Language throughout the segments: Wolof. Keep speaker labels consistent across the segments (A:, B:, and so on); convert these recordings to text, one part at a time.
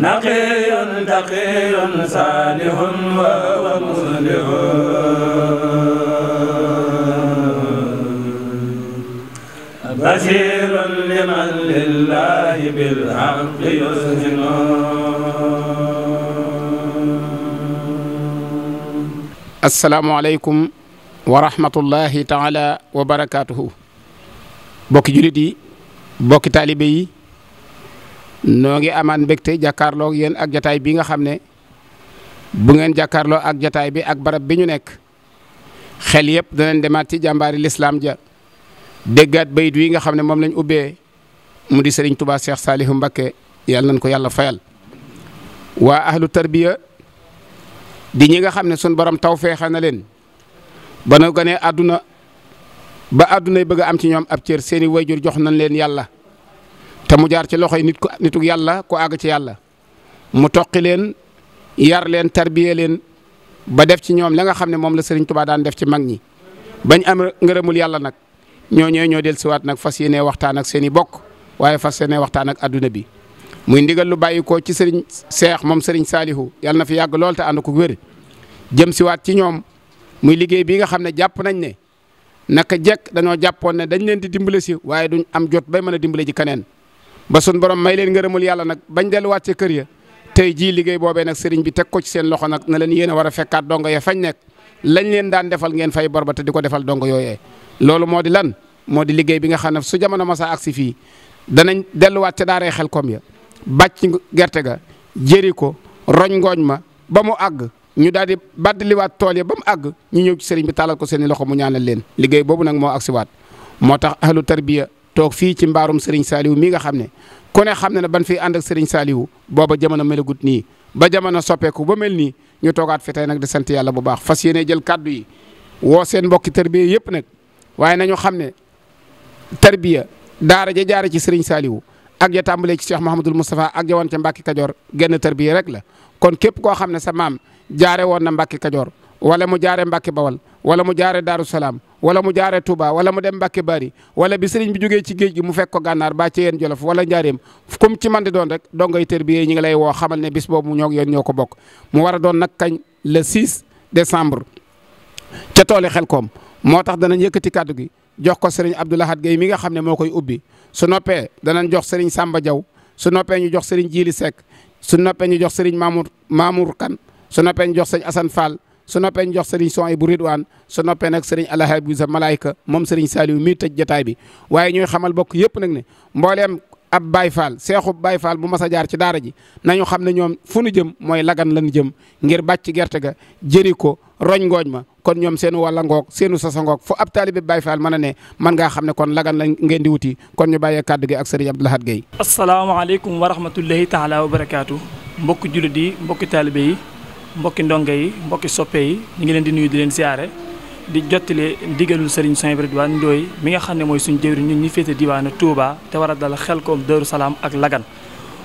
A: نقي تقي صالح ومصلح
B: بشير لمن لله بالحق يسجن
C: asalaamualeykum wa rahmatullahi taala wa barakaatuhu bokki jullit yi bokki taalibe yi noo ngi amaat tey jàkkaarloo yéen ak jataay bii nga xam ne bu ngeen jàkkaarloo ak jataay bi ak barab bi ñu nekk xel yëpp danañ demaat ci jàmbaari lislaam ja déggaat bayit wi nga xam ne moom lañ ubbee mu di sëriñ Tuubaa Cheikh Saalihu Mbakke yàlla nañ ko yàlla fayal waa ahlu tarbiya di ñi nga xam ne sun borom taw feexa na leen ba nu ganee àdduna ba àddunay bëgg a am ci ñoom ab cër seeni way jur jox nañ leen yàlla te mu jaar ci loxo yi nit ku nituk yàlla ko àgg ci yàlla mu toqi leen yar leen tarbiye leen ba def ci ñoom la nga xam ne moom la Serigne Touba daan def ci mag ñi bañ am ngërëmul yàlla nag ñoo ñooy ñoo del siwaat nag fas yéenee waxtaan ak seen i bokk waaye fas seene waxtaan ak adduna bi muy ndigal lu bàyyi bàyyikoo ci sëriñ Seex moom Serigne Saalihu yàlla na fi yàgg lool te ànd ko wér jëm siwaat ci ñoom muy liggéey bii nga xam ne jàpp nañ ne naka jekk dañoo jàppoon ne dañ leen di dimbale si waaye duñ am jot bay mën a dimbale ji keneen ba sun borom may leen ngërëmul yàlla nag bañ delluwaat ca kër ya tey jii liggéey boobee nag sëriñ bi teg ko ci seen loxo nag na leen yéen war a fekkaat dongo ya fañ nekk lañ leen daan defal ngeen fay bor ba te di ko defal dongo yooyee loolu moo di lan moo di liggéey bi nga xam ne su jamono masa agsi fii danañ delluwaat ca daaree xel kom ya bàcc gerte ga jëri ko roñ ngooñ ma ba mu àgg ñu daal di baddaliwaat tool ya ba mu àgg ñu ñëw ci sëriñ bi taalal ko seen i loxo mu ñaanal leen liggéey boobu nag moo agsiwaat moo tax toog fii ci mbaarum Serigne Saliou mii nga xam ne ku ne xam na ne ban fi ànd ak Serigne Saliou booba jamono melagut nii ba jamono soppeeku ba mel nii ñu toogaat fi tey nag di sant yàlla bu baax fas yéene jël kàddu yi woo seen mbokki tarbiya yëpp nag waaye na nañu xam ne tarbiya daara ja jaare ci Serigne Saliou ak ja tàmbalee ci Cheikh Mouhamadul Moustapha ak ja woon ca Mbacke Kajoor genn tarbiya rek la kon képp koo xam ne sa maam jaare woon na Mbacke Kajoor wala mu jaare Mbacke Bawal wala mu jaare Daaru Salaam wala mu jaare Touba wala mu dem Mbacke Bari wala bi sëriñ bi jógee ci géej gi mu fekk ko gànnaar ba ci yéen jolof wala njaareem kum ci man doon rek dongay tër bi ñi ngi lay woo xamal ne bis boobu ñoo yéen ñoo ko bokk mu war a doon nag kañ le 6 décembre ca tooli koom moo tax danañ yëkkati kàddu gi jox ko sëriñ Abdou Lahad Guèye mi nga xam ne moo koy ubbi su noppee danañ jox sëriñ Samba Diaw su noppee ñu jox sëriñ Jili Seck su noppee ñu jox sëriñ Mamour Mamour Kane su noppee ñu jox sëriñ Assane Fall su noppee ñu jox sëriñ son bu ridwaan su noppee nag sëriñ alahabi bu sa malaayka moom sëriñ saaliw mii tëj jataay bi waaye ñuy xamal bokk yëpp nag ne mbooleem ab baay faal seexu baay faal bu mas a jaar ci daara ji nañu xam ne ñoom fu nu jëm mooy lagan la lan jëm ngir bàcc gerte ga jëri ko roñ ngooñ ma kon ñoom seenu walla ngook seenu sasa ngoog fu ab taalibe baay faal ma a ne man ngaa xam ne kon lagan la ngeen di kon ñu bàyyee kàddu gi ak sëriñ Abdou Lahad Gueye
B: asalaamaaleykum wa rahmatullahi taala wa barakaatu mbokki jullit yi mbokki taalibe yi mbokki ndongo yi mbokki soppe yi ñu ngi leen di nuyu di leen siyaare di jottali ndigalul sëriñ Souhaïbou Ridwane Ndoye mi nga xam ne mooy suñu jëwriñ ñun ñi féete diwaanu Touba te war a dal Xelkom Daaru Salaam ak Lagan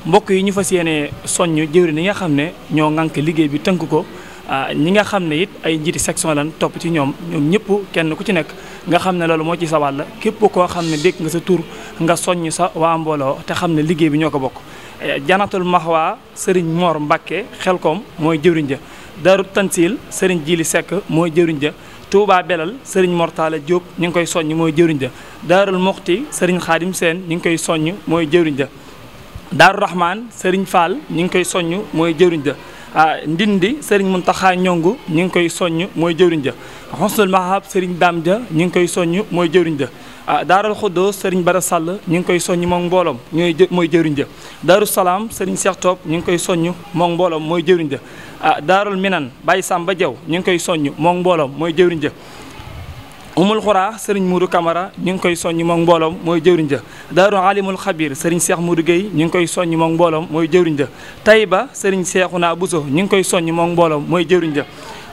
B: mbokk yi ñu fas yéene soññ jëwriñ yi nga xam ne ñoo ŋànk liggéey bi tënk ko ah, ñi nga xam ne it ay njiiti section lan topp ci ñoom ñoom ñëpp kenn ku ci nekk nga xam ne loolu moo ci sa wàll képp koo xam ne dégg nga sa tur nga soñ sa waa mbooloo te xam ne liggéey bi ñoo ko bokk janatul maxwa sëriñ Mor Mbacke xelkom mooy jëwriñ ja daru tansil sëriñ Jili sekk mooy jëwriñ ja Touba Belal sëriñ Mortala Diop ñu ngi koy soññ mooy jëwriñ ja daarul muxti sëriñ Xaadim Seen ñu ngi koy soññ mooy jëwriñ ja daaru Rahman ñu ngi koy soññ mooy jëwriñ ja ah Ndindi sëriñ Muntaxa Ñongu ñu ngi koy soññ mooy jëwriñ ja Xosnul Mahab sëriñ Daam ja ñu ngi koy soññ mooy jëriñ ja ah daaral xuddo sëriñ bara sàll ñu ngi koy soññ moom mbooloom ñooy mooy jëriñ ja daaru salaam sëriñ seex toob ñu ngi koy soññ moom mbooloom mooy jëriñ ja ah daarul minan bàyyi sàmba jaw ñu ngi koy soññ moom mbooloom mooy jëriñ ja umul sëriñ muudu kamara ñu ngi koy soññ moom mbooloom mooy jëwriñ ja daaru alimul xabir sëriñ seex muudu géy ñu ngi koy soññ moom mbooloom mooy jëwriñ ja tayba sëriñ seexu naa buso ñu ngi koy soññ moom mbooloom mooy jëwriñ ja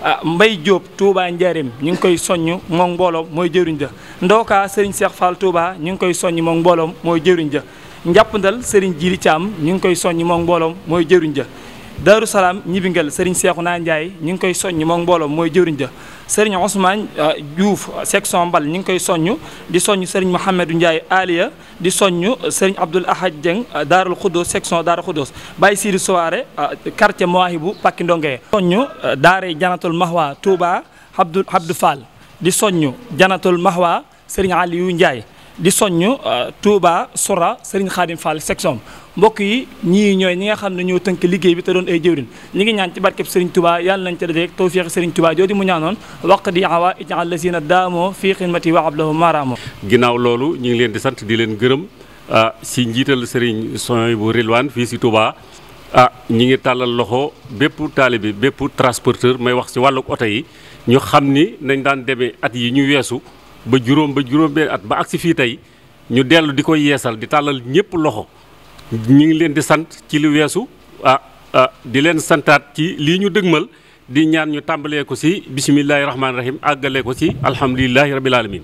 B: ah Mbaye Diop Touba Njaareem ñu ngi koy soññ moom mbooloom mooy jëriñ ja Ndoka Serigne Cheikh Fall Touba ñu ngi koy soññ moom mbooloom mooy jëriñ ja ndal Serigne Jili Thiam ñu ngi koy soññ moom mbooloom mooy jëriñ ja Daaru Salaam ñibingal Serigne Cheikhouna Ndiaye ñu ngi koy soññ moom mbooloom mooy jëriñ ja sëriñ Ousmane euh, Diouf euh, section Mbal ñi ngi koy soññ di soññ sëriñ Mouhamadou Ndiaye Aliya di soññ euh, sëriñ Abdoul Ahad Dieng Daarul Khuddoos section Daarul Khuddoos Baye Sidi Souare quartier Mawahibou Pakki Ndonge soññ daare Janatul Mahwa Touba Abdou Abdou Fall di soññ Janatul Mahwa sëriñ Aliou Ndiaye di soññ Touba Sora sëriñ Khadim Fall section mbokk yi ñii ñooy ñi nga xam ne ñoo tënk liggéey bi te doon ay jëwrin ñi ngi ñaan ci barkeb Serigne Touba yàlla nañ ca dajeek tawfiix Serigne Touba jooju mu ñaanoon waq di nag ijaal lasina daamoo fii xidmati wa ablahu maaraamoo
D: ginnaaw loolu ñu ngi leen di sant di leen gërëm ah, si njiital Serigne soy bu Rilwaan fii si Touba ah ñi ngi tàllal loxo bépp taalibe bépp transporteur may wax si wàllu oto yi ñu xam ni nañ daan demee at yi ñu weesu ba juróom juróom at ba ak fii tey ñu dellu di koy yeesal di tàllal ñëpp loxo ñu ngi leen di sant ci lu weesu ah ah di leen santaat ci lii ñu dëgmal di ñaan ñu tàmbalee ko si bisimilahi rahmaani rahim àggalee ko si alhamdulilahi rabil alamin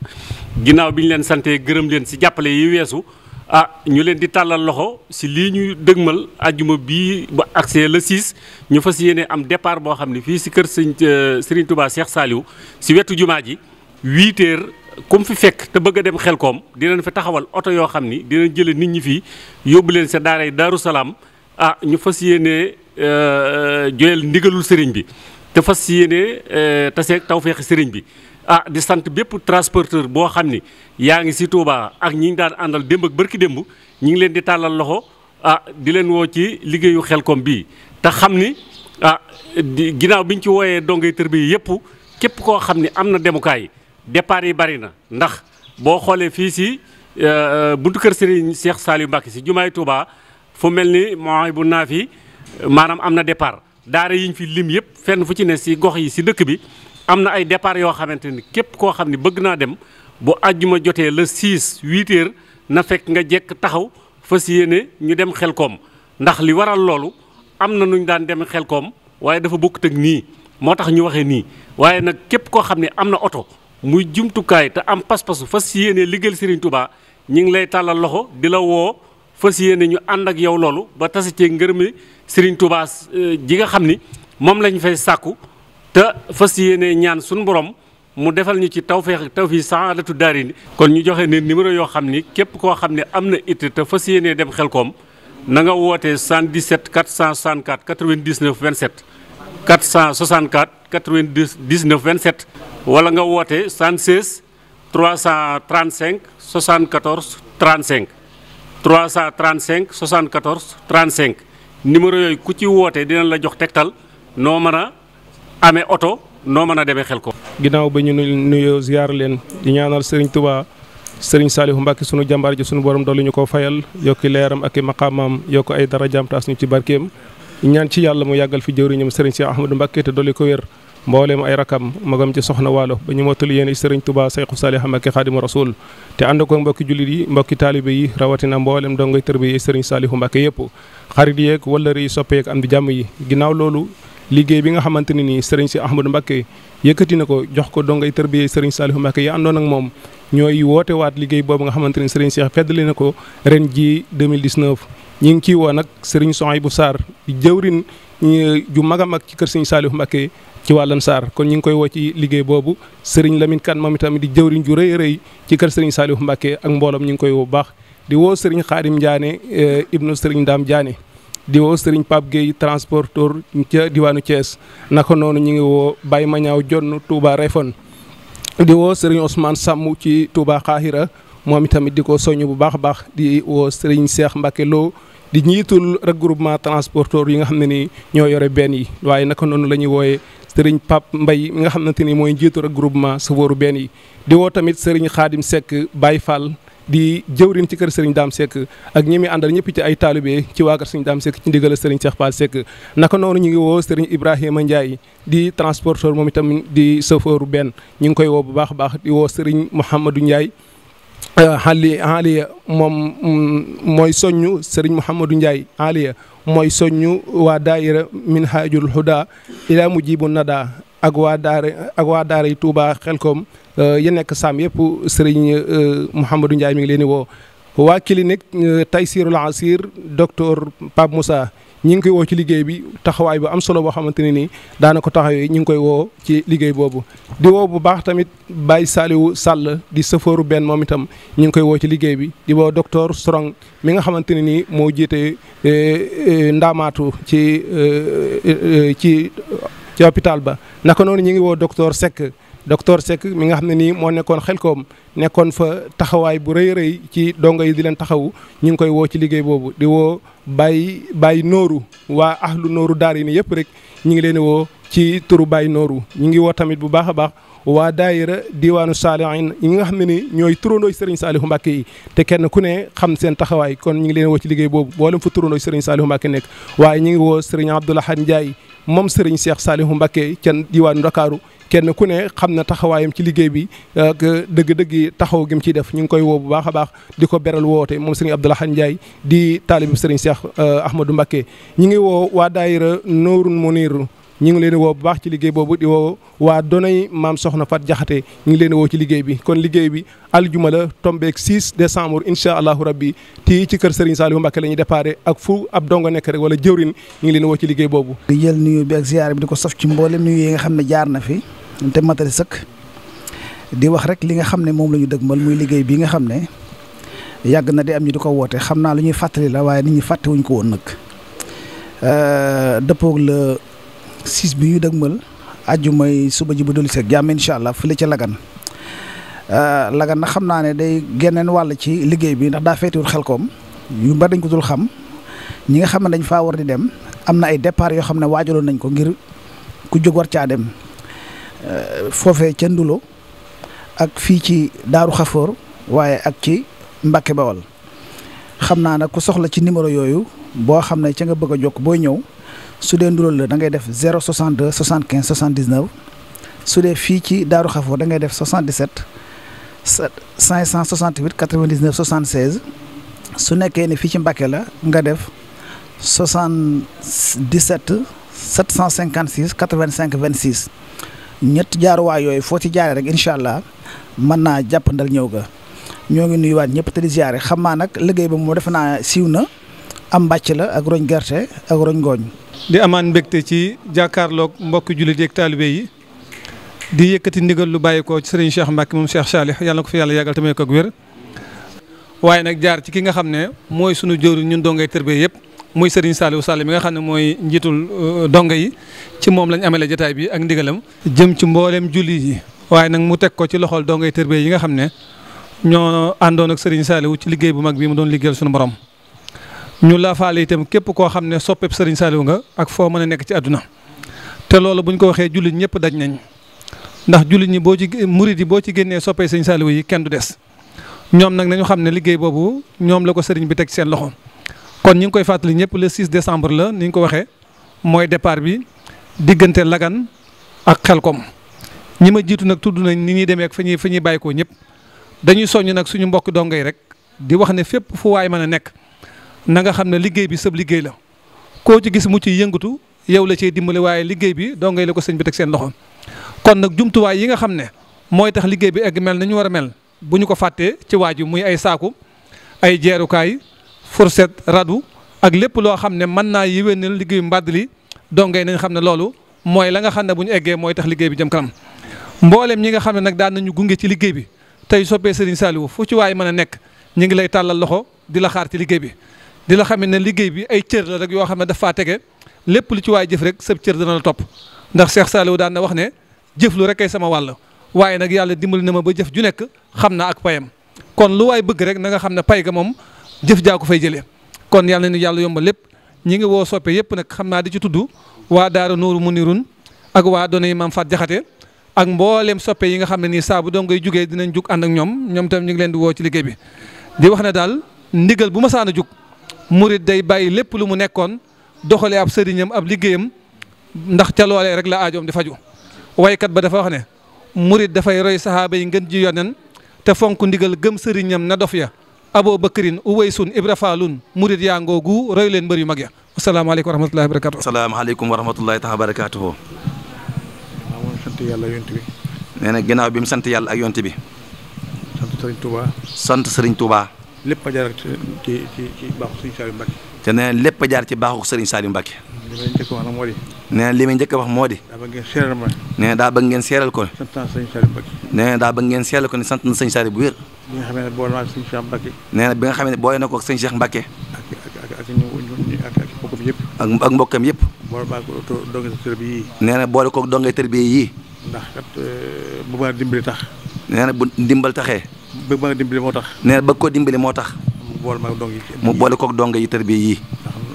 D: ginnaaw bi ñu leen santee gërëm leen si jàppale yi weesu ah ñu leen di tàllal loxo si lii ñu dëgmal ajjuma bii ba agsee le 6 ñu fas yéene am départ boo xam ne fii si kër sëñ euh, Serigne Touba Cheikh Saliou si wetu jumaa ji 8 comme fi fekk te bëgg a dem xel koom dinañ fi taxawal oto yoo xam ni dina jële nit ñi fii yóbbu leen sa yi daaru salaam ah ñu fas yéene euh, joyal ndigalul sëriñ bi te fas yéene euh, taseeg tawféexi sëriñ bi ah di sant bépp transporteur boo xam ni yaa ngi si Touba ak ñi daan àndal démb ak barki démb ñi ngi leen di tàllal loxo ah di leen woo ci liggéeyu xel koom bii te xam ni ah ginnaaw bi ñu ci wooyee dongay tërbi yëpp képp koo xam ni am na demukaay départ yi bari na ndax boo xoolee fii si euh, euh, buntu kër Serigne Cheikh Saliou Mbacké si jumaay Touba fu mel ni mooy bu naa fi maanaam am na départ daara yi ñu fi lim yëpp fenn fu ci ne si gox yi si dëkk bi am na ay départ yoo xamante ni képp koo xam ni bëgg naa dem bu àjjuma jotee le 6 8 heures na fekk nga jekk taxaw fas yéene ñu dem xel koom ndax li waral loolu am na nu ñu daan dem koom waaye dafa bokk tëg nii moo tax ñu waxee nii waaye nag képp koo xam ne am na oto muy jumtukaay te am pas-pasu fas yéene liggéeyal Serigne Touba ñu ngi lay tàllal loxo di la woo fas ne ñu ànd ak yow loolu ba tase cee ngërëmi Serigne Touba euh, ji nga xam ni moom lañu fay sàkku te fas yéene ñaan suñu borom mu defal ñu ci tawfeex tawfii saadatu daarini kon ñu joxe ne numéro yoo xam ni képp koo xam ne am na it te fas yéene dem xel koom na nga woote 77 464 99 27 464. 4 90 19 27. wala nga woote 76 335 74 35 335 74 35 numéro yooyu ku ci woote dinañ la jox tegtal noo mën a amee oto noo mën a demee xel ko.
E: ginnaaw ba ñu nuyoo ziar leen di ñaanal Serigne Touba. sëriñ Saalihu Mbàkke sunu jàmbaar ji sunu borom dolli ñu ko fayal yokki leeram ak i maqaamaam yokk ay darajaam taas ñu ci barkeem ñaan ci yàlla mu yàggal fi jëwriñam sëriñ si Ahmadu Mbàkke te dolli ko wér mbooleem ay rakam magam ci soxna waalo ba ñu mottali yéen sëriñ Tuubaa Sayxu Saalix Mbakke Xaadimu Rasuul te ànd ko mbokki jullit yi mbokki taalibe yi rawatina mbooleem dongay tërbiya yi sëriñ Saalixu Mbakke yëpp xarit yeeg wëllëre yi soppe yeeg am jàmm yi ginnaaw loolu liggéey bi nga xamante ne nii sëriñ si Ahmadou Mbakke yëkkati na ko jox ko dongay tërbiya yi sëriñ Saalixu Mbakke yi àndoon ak moom ñooy woote waat liggéey boobu nga xamante ne sëriñ Cheikh feddali na ko ren ji 2019 ñi ngi ciy woo nag sëriñ Sohaybou Sarr jëwrin ju mag a mag ci kër sëñ Saliou Mbacké ci wàllan saar kon ñu ngi koy woo ci liggéey boobu sëriñ Lamine Kane moom itam di jëwriñ ju rëy rëy ci kër sëriñ Saliou Mbacké ak mbooloom ñu ngi koy woo bu baax di woo sëriñ Xaadim Ndiané eh, ibnu sëriñ Dame Ndiané di woo sëriñ Pape Gueye transporteur ca diwaanu Thiès naka noonu ñu ngi woo Baye Mañaaw Jonn Touba Refon di woo sëriñ Ousmane Sàmm ci Touba Xaahira moom itamit di ko soññ bu baax a baax di woo sëriñ Seex Mbacké loo di njiitul regroupement transporteur yi nga xam ne ni ñoo yore benn yi waaye naka noonu la ñuy wooyee sëriñ Pape Mbaye mi nga xamante ni mooy njiitu regroupement safooru benn yi di woo tamit sëriñ Xaadim Seck Baye Fall di jëwrin ci kër sëriñ Dame Seck ak ñi muy àndal ñëpp ci ay taalibe ci waa kër sëriñ Dame Seck ci ndigal sëriñ Cheikh Fall Seck naka noonu ñu ngi woo sëriñ Ibrahima Ndiaye di transporteur moom itam di safooru benn ñu ngi koy woo bu baax a baax di woo sëriñ Mouhamadou Ndiaye Euh, ali aliya moom mm, mooy soññu sëriñ Mouhamadou Ndiaye aliya mooy soññu waa daayira minhajul huda ilaa mujibu nada ak waa daara ak waa daare daara euh, yi Touba Xelkom ya nekk saam yëpp sëriñ euh, Mouhamadou Ndiaye mi ngi leen di woo waa clinique Taysirul Asir docteur Pape Moussa ñi ngi koy woo ci liggéey bi taxawaay bu am solo boo xamante ne nii daana ko taxawee ñi ngi koy woo ci liggéey boobu di woo bu baax tamit Baye Saliou sàll di sëfooru benn moom itam ñi ngi koy woo ci liggéey bi di woo docteur Strong mi nga xamante ne nii moo jiite eh, eh, ndaamaatu ci eh, ci ci ba naka noonu ñi ngi woo docteur Seck docteur sek mi nga xam ne nii moo nekkoon xelkoom nekkoon fa taxawaay bu rëy rëy ci dongo yi di leen taxawu ñu ngi koy woo ci liggéey boobu di woo Baye Baye Nooru waa ahlu Nooru daar yi nii yëpp rek ñu ngi leen di woo ci turu bay Nooru ñu ngi woo tamit bu baax a baax waa daayira diwaanu saalihin yi nga xam ne ni ñooy turandoo Serigne Saliou Mbacké yi te kenn ku ne xam seen taxawaay kon ñu ngi leen woo ci liggéey boobu boolem fa turandoo Serigne Saliou Mbacké nekk waaye ñu ngi woo Serigne Abdoulaye Ndiaye moom Serigne Cheikh Saliou Mbacké cenn diwaanu Ndakaaru kenn ku ne xam na taxawaayam ci liggéey bi ak dëgg taxaw gi mu ciy def ñu ngi koy woo bu baax a baax di ko beral woote moom Serigne Abdoulaye Ndiaye di taalibu Serigne Cheikh eh, Ahmadou Mbacké ñi ngi woo waa daayira Nourou Mounir ñu ngi leen woo bu baax ci liggéey boobu di woo waa donay maam soxna Fat Jaxate ñu ngi leen woo ci liggéey bi kon liggéey bi aljuma la tombeek 6 décembre incha allahu rabbi tii ci kër Serigne Saliou Mbacké la ñuy déparé ak fu ab nekk rek wala jëwrin ñu ngi leen woo ci liggéey boobu
F: di jël nuyu bi di ko sof ci mboolem nuyu nga xam ne jaar na fi te matali sëkk di wax rek li nga xam ne moom la ñu dëgmal muy liggéey bi nga xam ne yàgg na di am di ko woote xam naa lu ñuy fàttali la waaye nit ñi fàttewuñ ko woon nag euh, dëppoog la 6 bi ñu dëgmal aju mooy suba ji bu dolli seeg jàmm incha allah fële ca Lagan euh, Lagan na xam naa ne day geneen wàll ci liggéey bi ndax daa feetiwul xel koom yu bari dañ ko dul xam ñi nga xam ne dañ faa war di dem am na ay départ yoo xam ne waajaloon nañ ko ngir ku jóg war caa dem euh, foofee ca Ndulo ak fii ci Daaru Xafoor waaye ak ci Mbàkke Bawal xam naa nag ku soxla ci numéro yooyu boo xam ne ca nga bëgg a jokk booy ñëw. su dee ndural la da ngay def 0 62 75 79 su dee fii ci Daaru Xafo da ngay def 77 568 99 76 su nekkee ne fii ci Mbàkke la nga def 77 756 vingt 26 ñett jaaruwaay yooyu foo ci jaaree rek incha allah mën naa jàppandal ñëw ga ñoo ngi nuyuwaat ñëpp te di ziare xam maa nag liggéey ba moo defe naa siiw na. am mbàcc la ak roñ gerte ak roñ ngooñ.
A: di amaan mbégte ci jàkkaarloog mbokki jullit yeeg taalibe yi di yëkkati ndigal lu bàyyikoo ci sëriñ Cheikh Mbacke moom Cheikh Salih yàlla na ko fi yàlla yàggal tamit ko ak wér. waaye nag jaar ci ki nga xam ne mooy sunu jëwriñ ñun dongay tërbee yëpp muy sëriñ Saliou Sall mi nga xam ne mooy njiitul euh, donga yi ci moom lañ amele jotaay bi ak ndigalam. jëm ci mbooleem jullit yi waaye nag mu teg ko ci loxol dongay tërbee yi nga xam ne ñoo àndoon ak sëriñ Saliou ci liggéey bu mag bi mu doon liggéeyal sunu borom ñu laafaale itam képp koo xam ne soppeeb sëriñ saaliw nga ak foo mën a nekk ci àdduna te loolu bu buñ ko waxee jullit ñëpp daj nañ ndax jullit ñi boo ci murid yi boo ci génnee soppee sëriñ Saliou yi kenn du des ñoom nag nañu xam ne liggéey boobu ñoom la ko sëriñ bi teg seen loxo kon ñi ngi koy fàttali ñëpp le 6 décembre la ni ñu ko waxee mooy départ bi diggante Lagan ak xel Xelkom ñi ma jiitu nag tudd nañ ni ñuy demee ak fa ñuy fa ñuy bàyyi ko ñëpp dañuy soññ nag suñu mbokk dongay rek di wax ne fépp fu mën a nekk. nanga xam ne liggéey bi sëb liggéey la koo ci gis mu ci yëngatu yow la ciy dimbali waaye liggéey bi doo ngay la ko sëñ bi teg seen loxo kon nag jumtuwaay yi nga xam ne mooy tax liggéey bi egg mel na ñu war a mel bu ñu ko fàttee ci waaju muy ay saaku ay jeerukaay fourchette radu ak lépp loo xam ne mën naa yéwénal liggéeyu mbàdd li doo ngay nañ xam ne loolu mooy la nga xam ne bu ñu eggee mooy tax liggéey bi jëm kanam mboolem ñi nga xam ne nag daan nañu gunge ci liggéey bi tey soppee Serigne Saliou fu ci waay mën a nekk ñu ngi lay tàllal loxo di la xaar ci liggéey bi di la xamit ne liggéey bi ay cër la rek yoo xam ne dafa faa tege lépp lu ci waay jëf rek sa cër dana la topp ndax Cheikh Saliou daan na wax ne jëf lu rek ay sama wàll waaye nag yàlla dimbali na ma ba jëf ju nekk xam naa ak payam kon lu waay bëgg rek na nga xam ne pay ga moom jëf jaa ko fay jëlee kon yàlla ni yàlla yombal lépp ñi ngi woo soppe yëpp nag xam naa di ci tudd waa Daara Nuuru Munirun ak waa données yi maam Faat Jaxate ak mbooleem soppe yi nga xam ne nii saa bu dongoy jugee dinañ jug ànd ak ñoom ñoom tam ñu ngi leen di woo ci liggéey di wax ne daal ndigal bu ma saan a jug murit day bàyyi lépp lu mu nekkoon doxalee ab sëriñam ab liggéeyam ndax ca loolee rek la aajoom di faju waykat ba dafa wax ne murit dafay roy saxaaba yi ngeen ji yonen te fonk ndigal gëm sëriñam na dof ya aboo bakrin uwaysun ibra faalun murit yaa ngoogu roy leen mbër yu mag ya asalaamaaleykum wa rahmatullahi wa barakatuh asalaamaaleykum wa rahmatullahi taala wa barakatuhu
E: sant yàlla yonent
G: bi nee na ginnaaw bi mu sant yàlla ak yonent bi sant sant sëriñ Touba lépp a jaar ci ci ci baaxu Serigne Saliou Mbacké. te nee na lépp jaar ci baaxu Serigne Saliou Mbacké.
F: li may njëkk wax moo di.
G: nee li may njëkk wax moo di. daa bëgg ngeen seeral daa bëgg ngeen seeral ko. sant
F: naa Serigne Saliou Mbacké.
G: nee na daa bëgg ngeen seeral ko ne sant na Serigne Saliou bu wér.
F: bi nga xamee ne boole naa
G: ak Serigne Cheikh yëpp. ak ak mbokkam bi yii. nee na boole ko donge tër bi ndax kat eh, bu baax dimbali nee na bu dimbal taxee ba ma dimbali moo tax. nee na bëgg ko dimbali moo tax. mu boole ma dong yi mu boole koog dong yi tarbiya yii.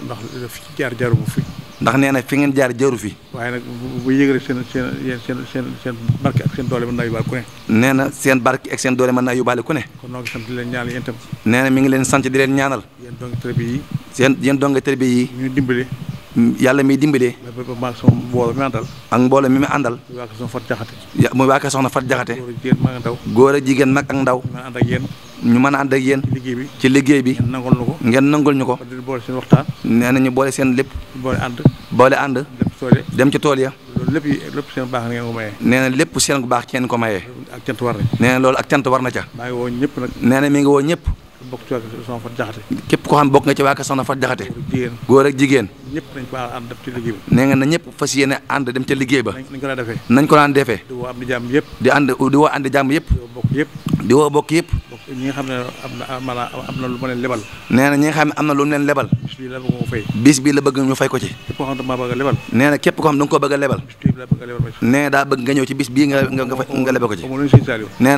G: ndax ndax fi jaar jaru fi. ndax nee na fi ngeen jaar jaru fi. waaye nag bu bu yëgalee seen seen seen seen seen barke ak seen doole mën naa yóbbaale ku ne. nee na seen barke ak seen doole mën naa yóbbaale ku ne. kon noo ngi leen ñaanal yéen itam. nee mi ngi leen sant di leen ñaanal. yéen dong tarbiya yi. seen yéen dong tarbiya yi. yàlla miy dimbale. ak mbooloo mi mi àndal. muy waa Kër Soxna Fat Jaxate. góor ak jigéen mag ak ndaw. ñu mën a ànd ak yéen. ci liggéey bi. ngeen nangul ñu ko. nee na ñu boole seen lépp. boole ànd. dem ci tool ya. lépp lépp seen baax ngeen ko maye. lépp seen baax ngeen ko maye. ak cant war na nee na loolu ak cant war na ca. nee na mi ngi woo ñëpp. bokk ci waa kër soxna Fatou Jaxate képp ko xam bokk nga ci waa kër soxna Fatou Jaxate góor jigéen ñëpp na ñëpp fas yéene ànd dem ca liggéey ba nañ ko daan defee di woo di jàmm yëpp di ànd di woo bokk yëpp ñi xam ne am na am leen lebal nee ñi xam am na lu leen lebal bis bi la bëgg ñu fay. bis bi la bëgg ñu fay ko ci. képp a képp koo xam ne da bëgg a lebal. nee daa bëgg nga ñëw ci bis nga nga ko ci. nee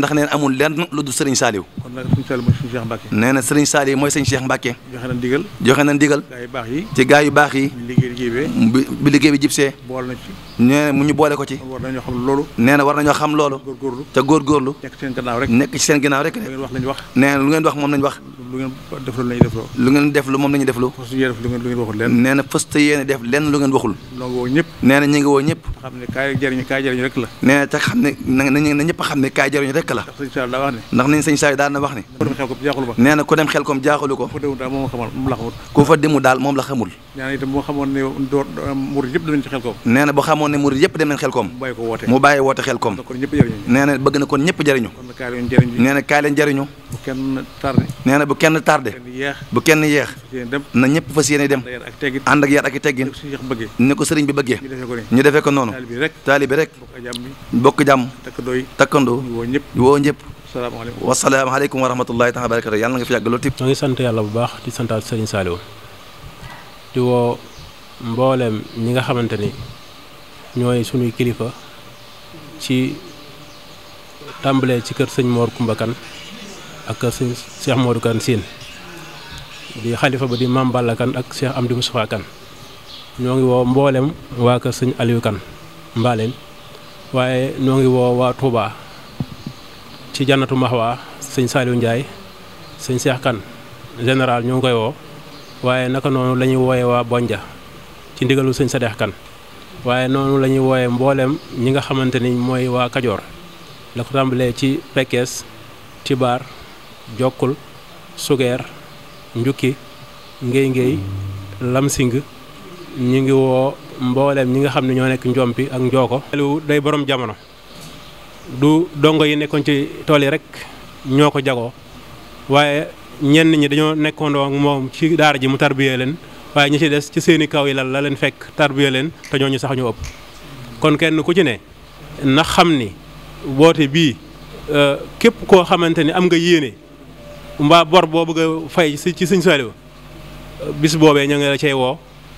G: na ndax mooy Serigne Cheikh Mbacke. joxe joxe na ndigal. ci gaa yu liggéey bi jibsee. boole mu ñu boole ko ci. war war nañoo xam loolu. góorgóorlu te góorgóorlu. nekk ci seen gannaaw rek. nekk ci lu ngeen wax moom lañ wax. lu ngeen def lu lañuy def lu moom la ñuy defloo def lenn lu ngeen waxul noo ngi woo ñëpp nee xam ne kaay jariñu rek la ndax nañ sëñ Saliou daan na wax ne nee na dem xel koom jaaxalu ko ku fa demu daal moom la xamul
E: nee na itam boo xamoon
G: ne door murid yëpp xel koom nee na boo xamoon ne murid yëpp dem mu bàyyi ko woote mu bàyyi woote xel koom nee na bëgg na kon ñëpp jëriñu nee na kaay leen bu kenn tardé nee na bu kenn tardé bu yeex na ñëpp fas yéene dem ànd ak yar ak teggin ni ko sëriñ bi bëggee ñu defee ko noonu taali bi rek bokk jàmm takkandoo woo ñëpp wasalaamaaleykum wa rahmatullahi taala barakatu yàlla
H: nga fi yàgg loolu tip ñoo ngi sant yàlla bu baax di santaat sëriñ Saliou di woo mboolem ñi nga xamante ni ñooy sunuy kilifa ci tàmbalee ci kër sëñ Mor Kumba Kan ak kër sëñ Cheikh Modou Kan Siin di xalifa ba di Maam Balla Kan ak Cheikh Amdi Moustapha Kan ñoo ngi woo mboolem waa kër sëñ Aliou Kan mbaaleen waaye ñoo ngi woo waa Touba ci jannatu Mahwa sëñ Saliou Ndiaye sëñ Cheikh Kan général ñoo ngi koy woo waaye naka noonu lañuy ñuy wooye waa Bonja ci ndigalu sëñ Sadex Kan waaye noonu lañuy ñuy wooye mbooleem ñi nga xamante ni mooy waa Kajoor la ko tàmbalee ci Pekes Tibaar Jokkul Sugeer Njukki ngéey Ngéy Lamsing ñu ngi woo mbooleem ñi nga xam ne ñoo nekk njompi ak njooko Aliou day borom jamono du dongo yi nekkoon ci tool yi rek ñoo ko jagoo waaye ñenn ñi dañoo nekkoon ak moom ci daara ji mu tarbiyee leen waaye ñi ci des ci seeni kaw yi lan la leen fekk tarbiyee leen te ñu sax ñu ëpp. kon kenn ku ci ne na xam ni boote bii euh, képp koo xamante ni am nga yéene mbaa bor boo bëgg a fay ci Sëñ Saliou bis boobee ñoo nga la cay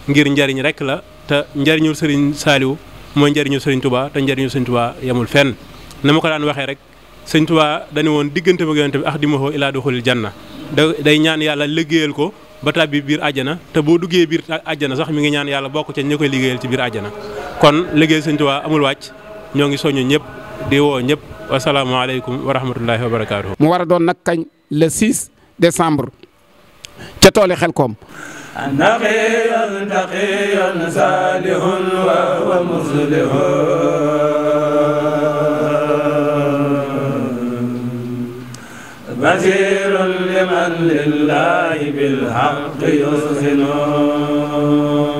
H: ngir njariñ rek la te njariñul Sëriñ Saliou mooy njariñul Sëriñ Touba te njariñul Sëriñ Touba yamul fenn na ma ko daan waxee rek Sëñ Touba dañu woon diggante ba yonent bi ak di ma ilaa duxulil janna day ñaan yàlla liggéeyal ko ba tàbbi biir àjjana te boo duggee biir àjjana sax mi ngi ñaan yàlla bokk ca ñu koy liggéeyal ci biir àjjana kon liggéey Sëñ waa amul wàcc ñoo ngi soññu ñëpp di woo ñëpp wasalaamaaleykum wa rahmatullahi wa barakaatu.
C: mu war a doon nag kañ le 6 décembre ca tooli Xelkom.
B: naqiyun taqiyun
A: saalihun wa muslihun
B: بشير
A: لمن
B: لله بالحق يسخنون